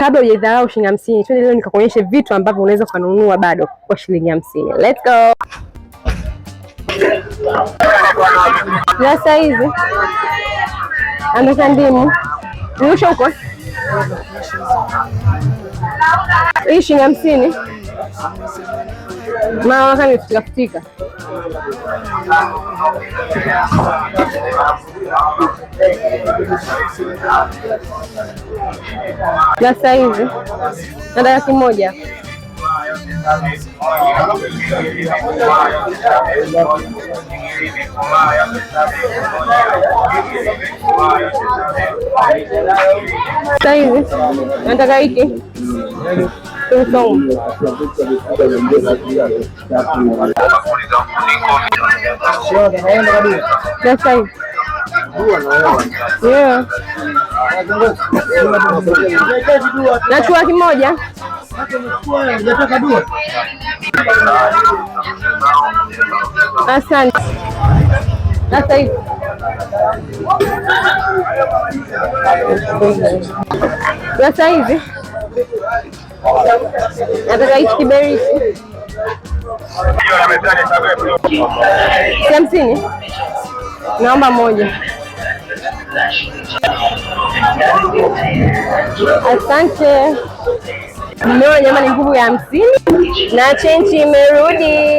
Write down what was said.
kabla hujadharau shilingi hamsini, twende leo nikakuonyeshe vitu ambavyo unaweza ukanunua bado kwa shilingi hamsini. Let's go. Na saizi ameka ndimu huko, hii shilingi hamsini Mama kanifutika futika. Na sasa hivi nataka kimoja sasa hivi nataka hiki nachukua kimoja asante. Sasa hivi sasa hivi Nataka hichi kiberi hamsini, naomba moja. Asante. Mmeona jamani, nguvu ya hamsini na chenji imerudi.